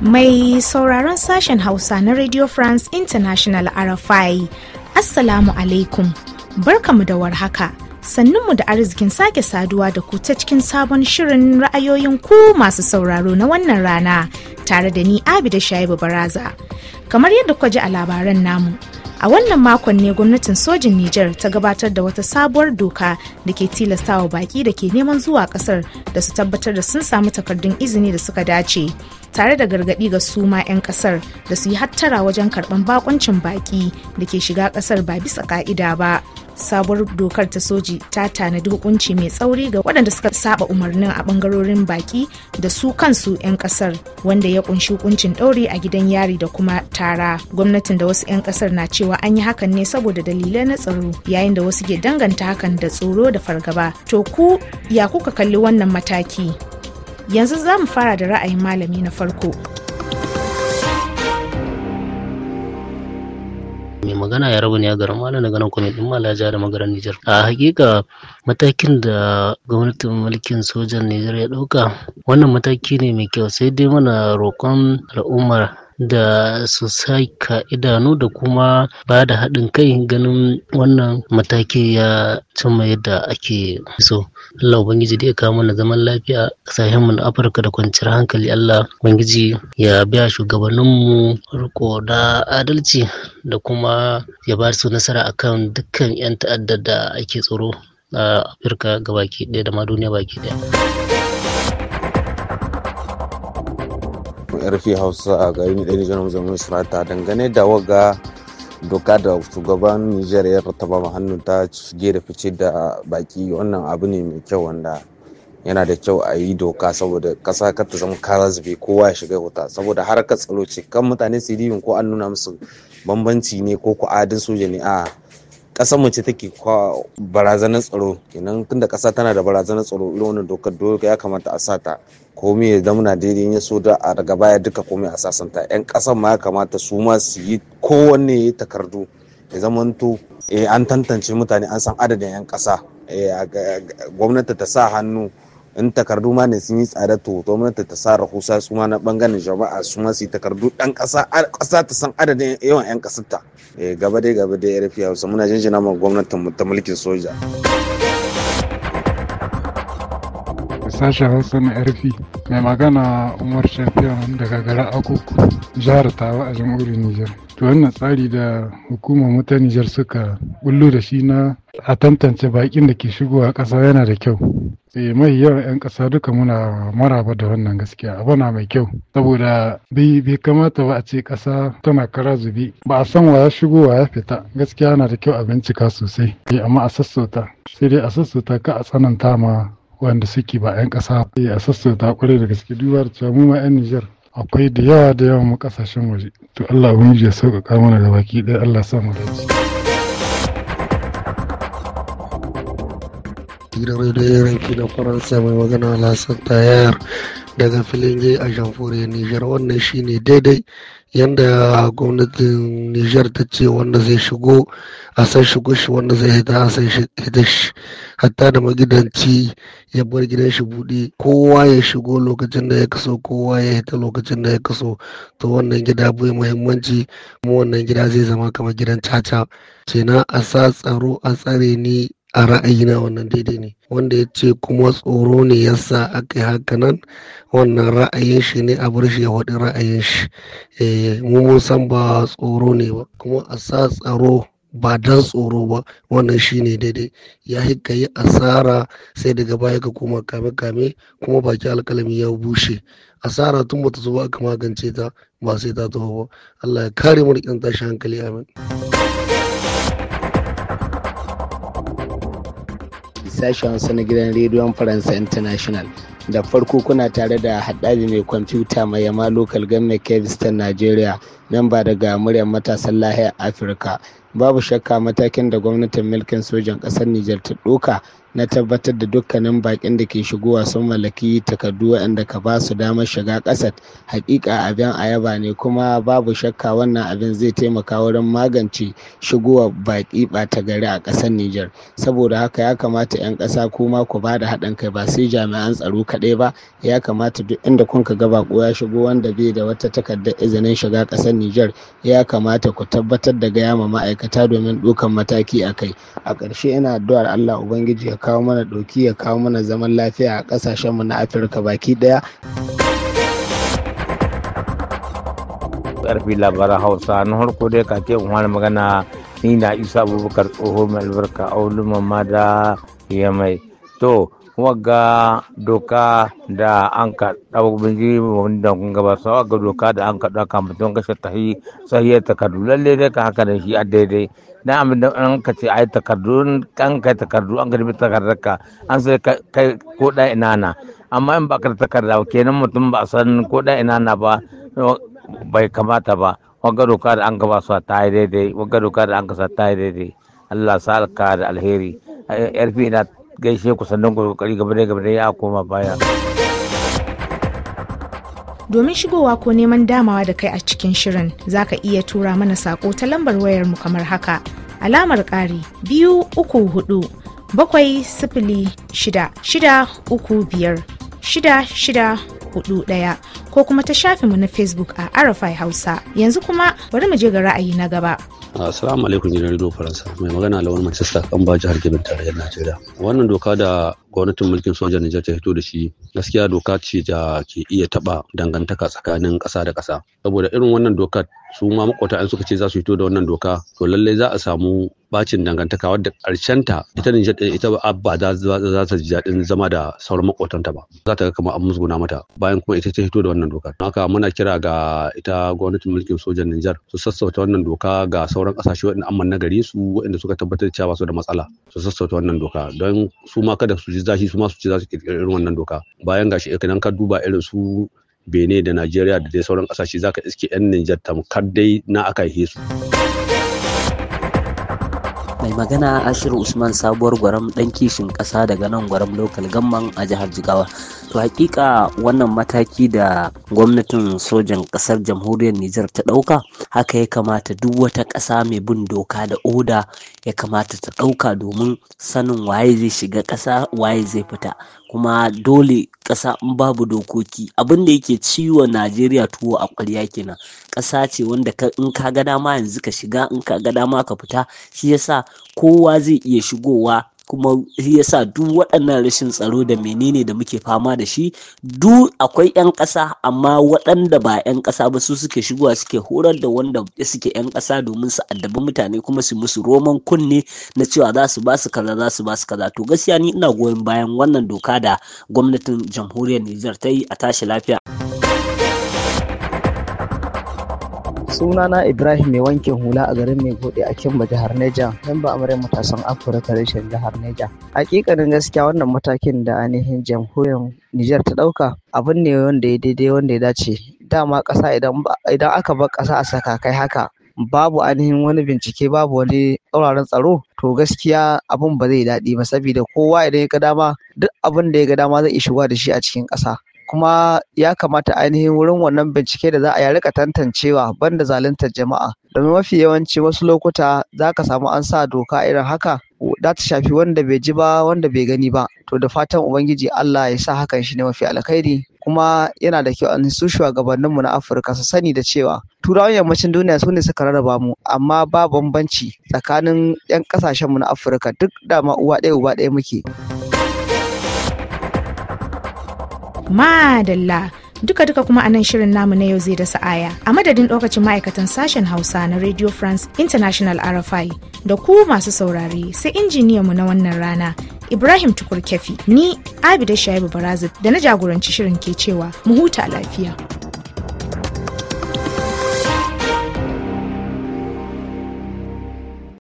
Mai sauraron sashen Hausa na Radio France International RFI, Assalamu alaikum, barkamu da warhaka. Sannunmu da arzikin sake saduwa da ku ta cikin sabon shirin ra'ayoyin ku masu sauraro na wannan rana tare da ni Abi da Shaibu Baraza. Kamar yadda kwaji a labaran namu, A wannan makon ne gwamnatin sojin Nijar ta gabatar da wata sabuwar doka da ke tilastawa baki da ke neman zuwa kasar da su tabbatar da sun samu takardun izini da suka dace, tare da gargaɗi ga su ma 'yan kasar da su yi hattara wajen karɓan bakoncin baki da ke shiga kasar ba bisa ka'ida ba. sabuwar dokar ta soji ta tanadi hukunci mai tsauri ga waɗanda suka saba umarnin a ɓangarorin baki da su kansu 'yan ƙasar wanda ya kunshi hukuncin ɗauri a gidan yari da kuma tara gwamnatin da wasu 'yan ƙasar na cewa an yi hakan ne saboda dalilai na tsaro yayin da wasu ke danganta hakan da tsoro da fargaba to ku ya kuka kalli wannan mataki yanzu za mu fara da ra'ayin malami na farko magana ya rabu ne a garin Malam daga nan kuma din Malaja da magaran Nijar. A hakika matakin da gwamnatin mulkin sojan Nijar ya ɗauka wannan mataki ne mai kyau sai dai mana roƙon al'ummar da su saika idanu da kuma ba da haɗin kai ganin wannan mataki ya cimma yadda ake so Allah ubangiji da ya kawo mana zaman lafiya a mu na Afirka da kwanciyar hankali Allah ubangiji ya biya shugabanninmu riko da adalci da kuma ya ba su nasara kan dukkan 'yan ta'addar da ake tsoro a Afirka gabaki ɗaya da ma duniya baki ɗaya. rfi hausa a garin ɗaya nijar musamman surata dangane da waga doka da shugaban nijar ya taba hannu ta shige da fice da baki wannan abu ne mai kyau wanda yana da kyau a yi doka saboda kasa ka ta zama kara zube kowa ya shiga wuta saboda harkar tsaro ce kan mutane su yi ko an nuna musu bambanci ne ko ku adin soja ne a kasar mu ce take barazanar tsaro kenan tunda ƙasa tana da barazanar tsaro irin wannan dokar dole ya kamata a sata komai ya zama daidai ya so da a daga baya duka komai a sasanta yan kasan ma ya kamata su ma su yi kowanne takardu ya zamanto eh, an tantance mutane an san adadin yan ƙasa eh, gwamnati ta sa hannu in takardu ma ne sun yi tsada to mun ta sa rahusa su ma na bangaren jama'a su ma su takardu dan kasa kasa ta san adadin yawan yan kasar ta eh, gaba dai gaba dai rfi hausa muna jinjina ma gwamnatin ta mulkin soja sashen hausa na rfi mai magana umar shafiyan daga garin akuku jihar tawa a jamhuriyar nijar to wannan tsari da hukumar mutane Nijar suka bullo da shi na a tantance bakin da ke shigowa ƙasa yana da kyau sai eh, mai yawan 'yan ƙasa duka muna maraba da wannan gaskiya abu na mai kyau saboda bai kamata ba a ce ƙasa tana kara zubi ba a san wa ya shigo wa ya fita gaskiya yana da kyau a bincika sosai Sai eh, amma a sassauta sai dai a sassauta ka a tsananta ma wanda suke ba 'yan ƙasa eh, a sassauta kwarai da gaske duba da cewa mu ma 'yan Nijar akwai da yawa da yawa mu kasashen waje to Allah ubangiji ya sauƙaƙa mana gabaki ɗaya Allah sa mu dace gidan rediyo ranki na faransa mai magana lasan tayar daga filin jai a jamhuriyar nijar wannan shine daidai yadda gwamnatin nijar ta ce wanda zai shigo a san shigo shi wanda zai hita a san hita shi hatta da magidanci ya bar gidan shi buɗe kowa ya shigo lokacin da ya kaso kowa ya hita lokacin da ya kaso to wannan gida bai muhimmanci kuma wannan gida zai zama kamar gidan caca kenan a sa tsaro a tsare ni a ra'ayina wannan daidai ne wanda ya ce kuma tsoro ne ya sa aka yi nan wannan ra'ayin shi ne a bar shi ya faɗi ra'ayin shi eh, mu mun san ba tsoro ne ba kuma a sa tsaro ba dan tsoro ba wannan shi ne daidai ya ka yi asara sai daga baya ka koma kame-kame kuma baki alkalami ya bushe asara tun ba ta zuba aka magance ta ba sai ta zuba ba allah ya kare mu da tashi hankali amin sashen Hausa na gidan rediyon Faransa International. Da farko kuna tare da haɗari mai kwamfuta mai yama lokal government Kevistan Najeriya, memba daga muryar matasan lahiyar Afirka. Babu shakka matakin da gwamnatin mulkin sojan ƙasar Nijar ta ɗoka na tabbatar da dukkanin bakin da ke shigowa sun mallaki takardu waɗanda ka ba su damar shiga ƙasar hakika abin ayaba ne kuma babu shakka wannan abin zai taimaka wurin magance shigowa baki ɓata gari a ƙasar Nijar saboda haka ya kamata 'yan ƙasa kuma ku ba da haɗin kai ba sai jami'an tsaro kaɗai ba ya kamata duk inda kun ka ga bako ya shigo wanda bai da wata takardar izinin shiga ƙasar Nijar ya kamata ku tabbatar da gaya ma ma'aikata domin ɗaukan mataki a kai a ƙarshe ina addu'ar Allah Ubangiji ya kawo mana ɗauki ya kawo mana zaman lafiya a ƙasashenmu na afirka baki ɗaya. karfi labaran hausa na harko dai ka ke wani magana ni na isa abubakar tsoho mai albarka a wani ya mai to wagga doka da an ka ɗau binji wanda kun gaba sa wagga doka da an ka ɗauka mutum sahiyar takardu lalle dai ka haka da shi a daidai na amin da an ka ce takardu an takardu an ka an sai kai ko ina na amma in ba ka takarda kenan mutum ba san ko ina na ba bai kamata ba wagga doka da an ka ba ta yi daidai wagga doka da an ka sa ta yi daidai Allah sa alka da alheri yarfi na gaishe ku sannan ku kokari gaba da gaba da ya koma baya domin shigowa ko neman damawa da kai a cikin shirin za ka iya tura mana saƙo ta lambar wayar mu kamar haka alamar ƙari biyu uku hudu bakwai sifili shida shida uku biyar shida shida hudu ɗaya ko kuma ta shafi mu na facebook a arafai hausa yanzu kuma bari mu je ga ra'ayi na gaba Assalamu alaikum gidan Faransa mai magana lawan Manchester kan ba jihar gibin tarayyar Najeriya. Wannan doka da gwamnatin mulkin sojan Nijar ta fito da shi gaskiya doka ce da ke iya taba dangantaka tsakanin ƙasa da ƙasa saboda irin wannan doka su ma makwata an suka ce za su fito da wannan doka to lallai za a samu bacin dangantaka wadda ta ita Nijar ita ba za ta ji daɗin zama da sauran makwatanta ba za ta ga kamar an musguna mata bayan kuma ita ta fito da wannan doka haka muna kira ga ita gwamnatin mulkin sojan Nijar su sassauta wannan doka ga sauran ƙasashe waɗanda amman na su waɗanda suka tabbatar cewa su da matsala su sassauta wannan doka don su ma kada su ji tashi su masu ce za su kirkiri irin wannan doka bayan gashi idan ka duba irin su bene da Najeriya da dai sauran kasashe za ka iske 'yan Nijar tamkar dai na aka yi su. mai magana ashiru usman sabuwar gwaram dan kishin kasa daga nan gwaram lokal gamman a jihar jigawa to hakika wannan mataki da gwamnatin sojan kasar jamhuriyar nijar ta dauka haka ya kamata duk wata kasa mai bin doka da oda ya kamata ta dauka domin sanin waye zai shiga kasa waye zai fita kuma dole ƙasa in babu dokoki abin da yake ciwo najeriya tuwo a ƙwarya kenan ƙasa ce wanda in ka ga dama yanzu ka shiga in ka ga dama ka fita shi yasa kowa zai iya shigowa kuma shi yasa duk waɗannan rashin tsaro da menene da muke fama da shi du akwai 'yan ƙasa amma waɗanda ba 'yan ƙasa ba su suke shigowa suke horar da wanda suke 'yan ƙasa domin su addabi mutane kuma su musu roman kunne na cewa za su ba su kaza za su kaza to gaskiya ni ina goyon bayan wannan doka da gwamnatin jamhuriyar Nijar ta a tashi lafiya. sunana ibrahim mai wankin hula a garin mai gode a kimba jihar neja memba amurai matasan afirka reshen jihar neja hakikanin gaskiya wannan matakin da ainihin jamhuriyar nijar ta dauka abin ne wanda ya daidai wanda ya dace dama kasa idan aka bar kasa a saka kai haka babu ainihin wani bincike babu wani tsauraran tsaro to gaskiya abin ba zai daɗi ba saboda kowa idan ya ga dama duk abin da ya ga dama zai iya shiga da shi a cikin ƙasa kuma ya kamata ainihin wurin wannan bincike da za a rika tantancewa banda zaluntar jama'a domin mafi yawanci wasu lokuta za ka samu an sa doka irin haka za ta shafi wanda bai ji ba wanda bai gani ba to da fatan ubangiji Allah ya sa hakan shi ne mafi alkhairi kuma yana da kyau an su mu na Afirka su sani da cewa turawan yammacin duniya su ne suka rarraba mu amma ba bambanci tsakanin 'yan mu na Afirka duk dama uwa ɗaya uba ɗaya muke. madalla duka-duka kuma a nan shirin namu na yau zai da aya a madadin lokacin ma'aikatan sashen hausa na radio france international rfi da ku masu saurare sai mu na wannan rana ibrahim tukur kefi ni abida shaibu barazil da na jagoranci shirin ke cewa mu huta lafiya.